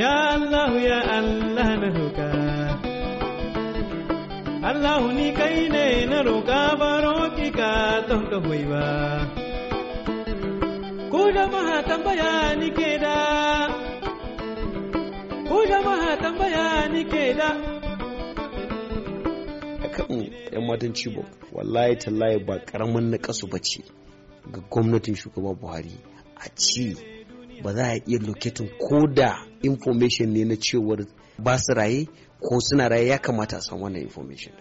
Ya Allah ya Allah na roƙa Allah ni kai ne na roƙa baro ki ka don ka hoyi ba Ku jama'a tambaya ni ke da Ku jama'a tambaya ni ke da Akan yan matan Chibok wallahi tallahi ba karamin na kasu bace ga gwamnatin shugaba Buhari a ci ba za a iya loketin ko da information ne na cewar ba su raye ko suna raye ya kamata a san wannan information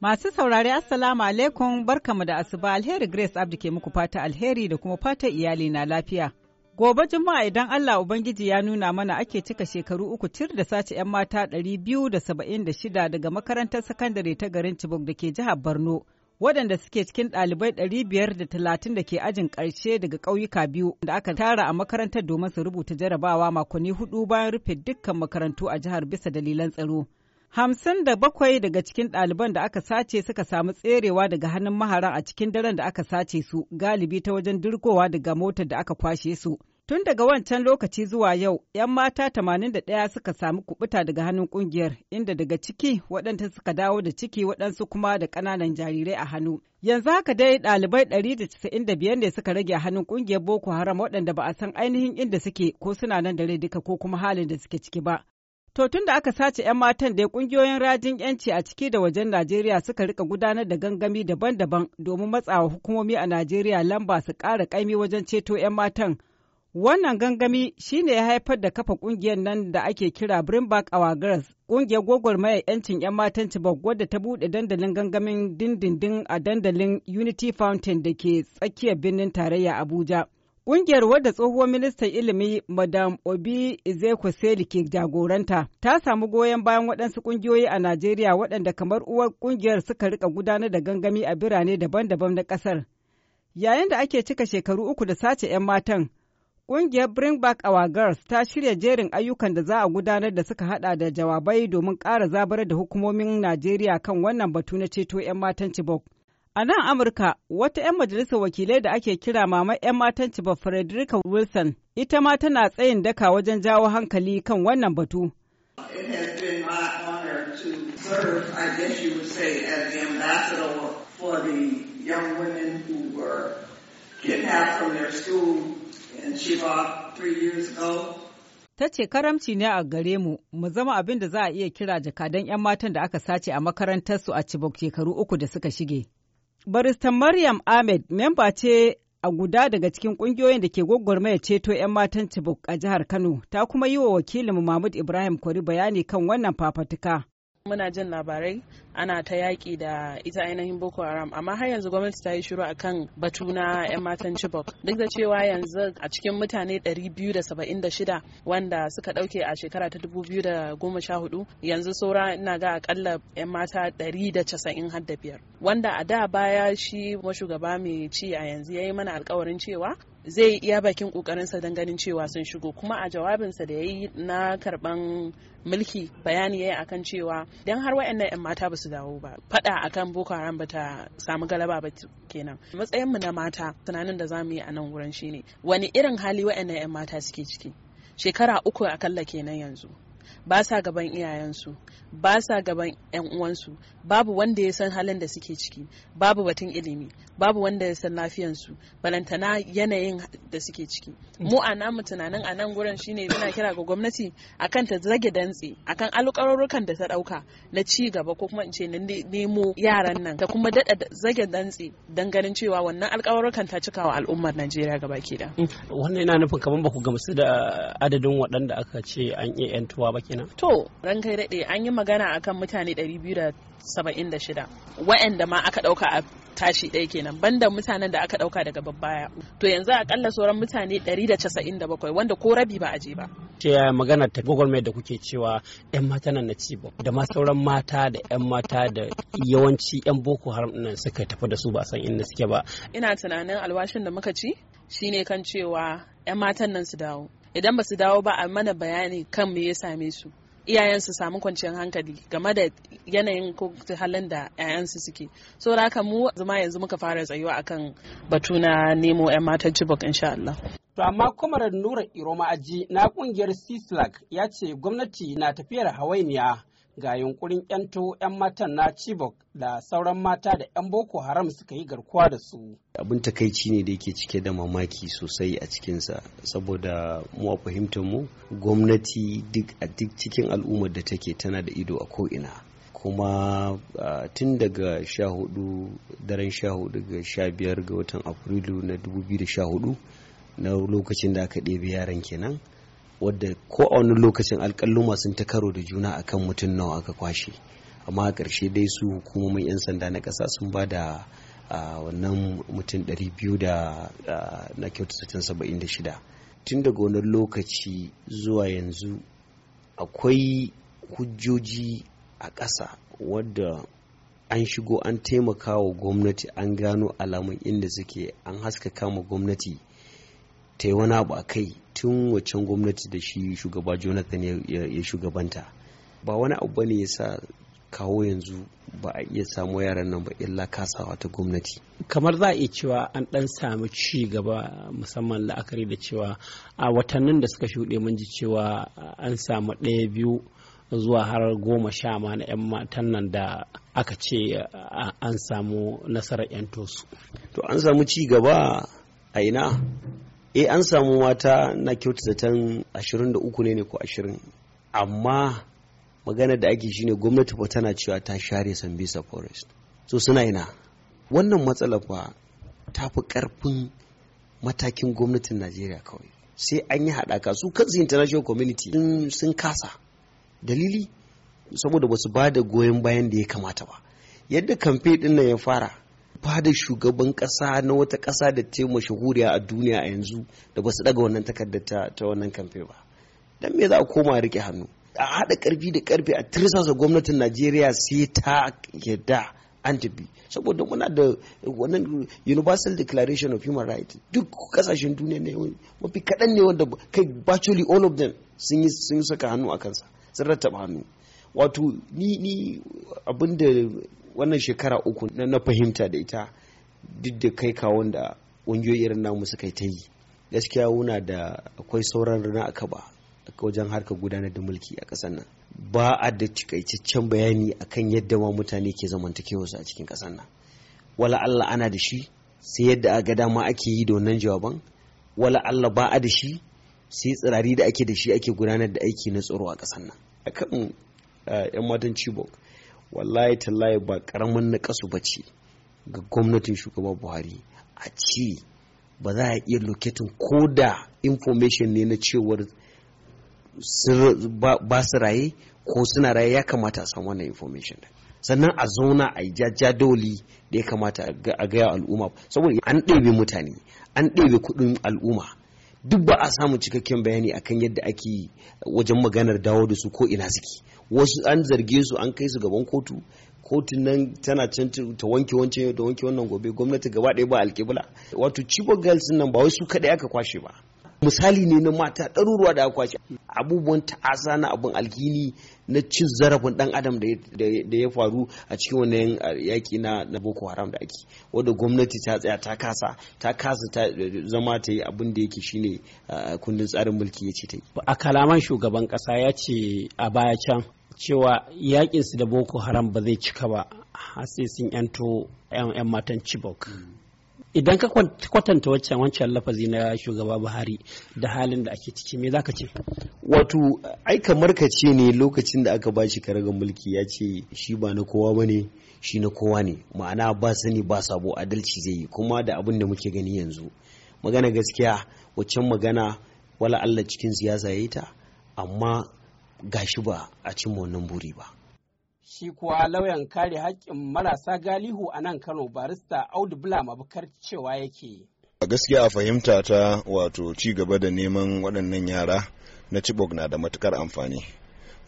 Masu saurari Assalamu alaikum barkamu da asuba alheri Grace Abdi ke muku fata alheri da kuma fata iyali na lafiya. Gobe Juma'a idan Allah Ubangiji ya nuna mana ake cika shekaru uku tir da sace 'yan mata 276 daga makarantar sakandare ta garin Chibok da ke jihar Borno waɗanda suke cikin ɗalibai 530 da ke ajin ƙarshe daga ƙauyuka biyu da aka tara a makarantar domin su rubuta jarabawa makonni hudu bayan rufe dukkan makarantu a jihar bisa dalilan tsaro. Hamsin da bakwai daga cikin ɗaliban da aka sace suka samu tserewa daga hannun maharan a cikin daren da aka sace su galibi ta wajen dirgowa daga motar da aka kwashe su. Tun daga wancan lokaci zuwa yau, 'yan mata 81 suka sami kubuta daga hannun kungiyar, inda daga ciki waɗanta suka dawo da ciki waɗansu kuma da ƙananan jarirai a hannu. Yanzu haka dai ɗalibai 195 ne suka rage a hannun kungiyar Boko Haram waɗanda ba a san ainihin inda suke ko suna nan da rai duka ko kuma halin da suke ciki ba. To tun da aka sace 'yan matan da kungiyoyin rajin 'yanci a ciki da wajen Najeriya suka rika gudanar da gangami daban-daban domin matsawa hukumomi a Najeriya lamba su ƙara ƙaimi wajen ceto 'yan matan. Wannan gangami shi ne ya haifar da kafa ƙungiyar nan da ake kira Bring Our Girls, kungiyar gwagwarmayar 'yancin 'yan matan Chibok wadda ta buɗe dandalin gangamin dindindin a dandalin Unity Fountain da ke tsakiyar birnin tarayya Abuja. Ƙungiyar wadda tsohuwar ministan ilimi Madam Obi Ezekwesili ke jagoranta ta samu goyon bayan waɗansu ƙungiyoyi a Najeriya waɗanda kamar uwar ƙungiyar suka rika gudanar da gangami a birane daban-daban na ƙasar. Yayin da ake cika shekaru uku da sace 'yan matan, Ƙungiyar Bring Back Our Girls ta shirya jerin ayyukan da za a gudanar da suka hada da jawabai domin ƙara zabar da hukumomin Najeriya kan wannan batu na ceto 'yan matan Chibok. A nan Amurka, wata 'yan majalisar wakilai da ake kira mama 'yan matan Chibok Frederica Wilson, ita ma tana tsayin daka wajen jawo hankali kan wannan batu. kidnapped from their school Ta ce karamci ne a gare mu, mu zama abin da za a iya kira jakadan 'yan matan da aka sace a makarantarsu a Chibok shekaru uku da suka shige. Barista Maryam Ahmed memba ce a guda daga cikin ƙungiyoyin da ke gwagwarmaya ceto 'yan matan Chibok a jihar Kano, ta kuma yi wa wakilinmu Mahmud Ibrahim Kwari bayani kan wannan fafatuka. muna jin labarai ana ta yaƙi da ita ainihin boko haram amma har yanzu gwamnati ta yi shiru kan batu na 'yan matan chibok duk da cewa yanzu a cikin mutane 276 wanda suka ɗauke a shekara ta 2014 yanzu saura ina ga akalla 'yan mata 190 har da biyar wanda a da baya shi mashugaba mai ci a yanzu ya yi mana alkawarin cewa zai iya bakin kokarinsa don ganin cewa sun shigo kuma a jawabinsa da ya yi na karban mulki bayani ya yi akan cewa don har waɗannan 'yan mata ba su dawo ba faɗa akan boko haram ba ta samu galaba ba kenan matsayinmu na mata tunanin da za mu yi a nan wurin shine wani irin hali wayannan 'yan mata suke ciki shekara uku akalla kenan yanzu ba sa gaban iyayensu ba sa gaban 'yan uwansu babu wanda ya san halin da suke ciki babu batun ilimi babu wanda ya san lafiyansu balantana yanayin da suke ciki mu a namu tunanin a nan gurin shine muna kira ga gwamnati akan ta zage dantse akan alƙarurrukan da ta ɗauka na ci gaba ko kuma in ce na nemo yaran nan ta kuma daɗa zage dantse dan ganin cewa wannan alƙarurrukan ta cikawa al'ummar Najeriya gaba ke da. Wannan yana nufin kamar ba ku gamsu da adadin waɗanda aka ce an iya 'yantuwa ba kenan to ran kai daɗe an yi magana akan mutane 276 waɗanda ma aka ɗauka a tashi ɗaya kenan banda mutanen da aka ɗauka daga babbaya to yanzu akalla sauran mutane 197 wanda ko rabi ba a je ba ce magana ta gwagwarmayar da kuke cewa 'yan mata nan na ci da ma sauran mata da 'yan mata da yawanci 'yan boko haram nan suka tafi da su ba san inda suke ba ina tunanin alwashin da muka ci shine kan cewa 'yan matan nan su dawo idan ba su dawo ba a mana bayani kan me ya same su iyayen su samu kwanciyar hankali game da yanayin ko halin da 'ya'yansu suke so haka mu zama yanzu muka fara tsayuwa akan batu na nemo 'yan matan chibok insha Allah To amma kwamarar Nura Iroma Aji na kungiyar sislak ya ce gwamnati na tafiyar hawainiya ga yunkurin 'yanto 'yan matan na Chibok da sauran mata da 'yan Boko Haram suka yi garkuwa da su. Abin takaici ne da yake cike da mamaki sosai a cikinsa saboda mu a fahimtar mu gwamnati duk a duk cikin al'ummar da take tana da ido a ko'ina. kuma tun daga daren sha hudu ga sha biyar ga watan afrilu na 2014 na lokacin da aka ɗebe yaran kenan wadda ko a wani lokacin alƙalluma sun ta karo da juna akan mutum nawa aka kwashe amma a ƙarshe dai su hukumomin 'yan sanda na ƙasa sun ba da wannan mutum 200 da na kyautata 76 tun daga wani lokaci zuwa yanzu akwai hujjoji a ƙasa wadda an shigo an taimaka wa gwamnati an gano alamun inda suke an haskaka ma gwamnati ta yi wani abu a kai tun waccan gwamnati da shi shugaba jonathan ya shugabanta ba wani abu ne ya sa kawo yanzu ba a iya samu yaran nan ba illa kasawa ta gwamnati kamar za a iya cewa an dan sami ci gaba musamman la'akari da cewa a watannin da suka shuɗe mun ji cewa an samu ɗaya biyu zuwa har goma sha ma na 'yan matan nan da aka ce an samu nasarar 'yan tosu to an samu ci gaba a ina E, an samu mata na kyautatan 23 ne ko 20 amma magana da ake shine gwamnati fa tana cewa ta share sambisa forest so suna ina wannan matsala fa ta fi karfin matakin gwamnatin najeriya kawai sai an yi haɗaka su kansu international community sun kasa dalili saboda ba su ba da goyon bayan da ya kamata ba yadda kamfe ɗin nan ya fara bada shugaban kasa na wata kasa da ce mashahuriya a duniya a yanzu da ba su daga wannan takarda ta wannan kamfe ba dan me za a koma rike hannu a haɗa ƙarfi da ƙarfe a tirsasa gwamnatin najeriya sai ta yadda an tafi saboda muna da wannan universal declaration of human rights duk kasashen duniya ne mafi kaɗan ne wanda kai virtually all of them sun yi saka hannu a kansa sun rattaba hannu wato ni ni abinda wannan shekara uku na fahimta da ita duk da kai kawon da ƙungiyoyi irin namu suka ta yi gaskiya wuna da akwai sauran rana aka ba wajen harkar gudanar da mulki a ƙasar nan ba a da cikakken bayani akan yadda ma mutane ke su a cikin ƙasar nan wala Allah ana da shi sai yadda a ga dama ake yi da wannan jawaban wala Allah ba a da shi sai tsirari da ake da shi ake gudanar da aiki na tsoro a ƙasar nan akan eh, 'yan matan Chibok wallahi tallahi ba karamin na kasu ba ce ga gwamnatin shugaba buhari a ci ba za a iya loketin ko da information ne na cewar ba su raye ko suna raye ya kamata a san wannan information sannan a zauna a yi jajjadoli da ya kamata a gaya al'umma saboda an ɗebe mutane an ɗebe kuɗin al'umma duk ba a samu cikakken bayani akan yadda ake wajen maganar dawo da su ko ina suke wasu an zarge su an kai su gaban kotu kotun nan tana can ta wanke wancan da wanke wannan gobe gwamnati gaba ɗaya ba alkibla wato chibok girls nan ba wai su kaɗai aka kwashe ba misali ne na mata ɗaruruwa da aka abubuwan ta'asa na abin alhini na cin zarafin ɗan adam da ya faru a cikin wannan yaƙi na boko haram da ake wadda gwamnati ta tsaya ta kasa ta kasa ta zama ta yi abin da yake shine kundin tsarin mulki ya ce ta yi a kalaman shugaban ƙasa ya ce a baya can cewa yaƙinsu da boko haram ba zai cika ba har sai sun 'yanto 'yan matan chibok hmm. idan ka kwatanta waccan wancan lafazi na shugaba buhari da halin da ake ciki me zaka ce wato ai kamar ka ce ne lokacin da aka bashi karagar mulki ya ce shi ba na kowa ba ne shi na kowa ne ma'ana ba sani ba sabo adalci zai yi kuma da abin da muke gani yanzu magana gaskiya waccan magana wala allah cikin siyasa ya yi ta amma gashi ba a cimma wannan buri ba Shi kuwa lauyan kare haƙƙin marasa galihu a nan Kano barista Audu Bula Mabukar cewa yake. A gaskiya a fahimta ta wato ci gaba da neman waɗannan yara na cibok na da matukar amfani.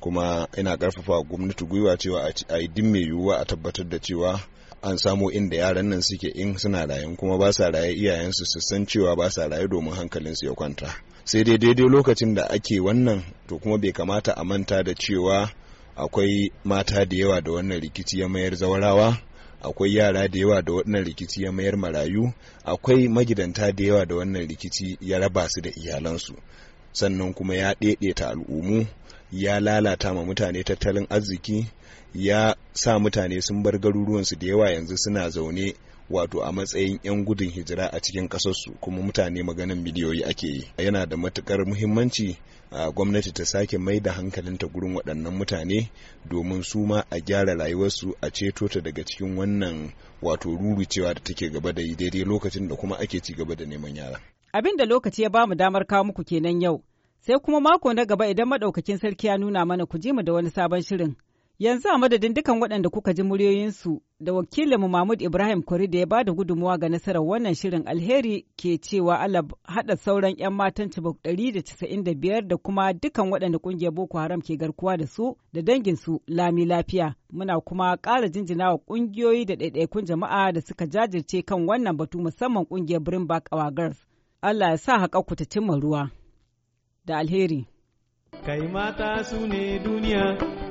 Kuma ina ƙarfafa gwamnati gwiwa cewa a yi din yiwuwa a tabbatar da cewa an samo inda yaran nan suke in suna rayu. kuma ba sa raye iyayensu su san cewa ba sa raye domin hankalin su ya kwanta sai dai daidai lokacin da ake wannan to kuma bai kamata a manta da cewa akwai mata da yawa da wannan rikici ya mayar zawarawa akwai yara da yawa da wannan rikici ya mayar marayu akwai magidanta da yawa da wannan rikici ya raba su da iyalansu sannan kuma ya ɗaiɗaita al'umu ya lalata ma mutane tattalin arziki ya sa mutane sun bar garuruwansu da yawa yanzu suna zaune wato a matsayin 'yan gudun hijira a cikin kasarsu kuma mutane maganin miliyoyi ake yi yana da matukar muhimmanci a gwamnati ta sake mai da hankalinta gurin waɗannan mutane domin su ma a gyara rayuwarsu a ceto ta daga cikin wannan wato rurucewa da take gaba da daidai lokacin da kuma ake ci gaba da neman yara abin da lokaci ya bamu damar kawo muku kenan yau sai kuma mako na gaba idan madaukakin sarki ya nuna mana ku ji mu da wani sabon shirin Yanzu a madadin dukan waɗanda kuka ji muryoyinsu da wakilinmu Mahmud Ibrahim Kwari da ya bada gudunmuwa ga nasarar wannan shirin alheri ke cewa Allah haɗa sauran 'yan matan cibok 195 da kuma dukan waɗanda ƙungiyar Boko Haram ke garkuwa da su da danginsu lami lafiya. Muna kuma ƙara jinjina wa ƙungiyoyi da ɗaiɗaikun jama'a da suka jajirce kan wannan batu musamman ƙungiyar Brimbak Awa Girls. Allah ya sa haƙa ku ta cimma ruwa. Da alheri. Kai mata su ne duniya.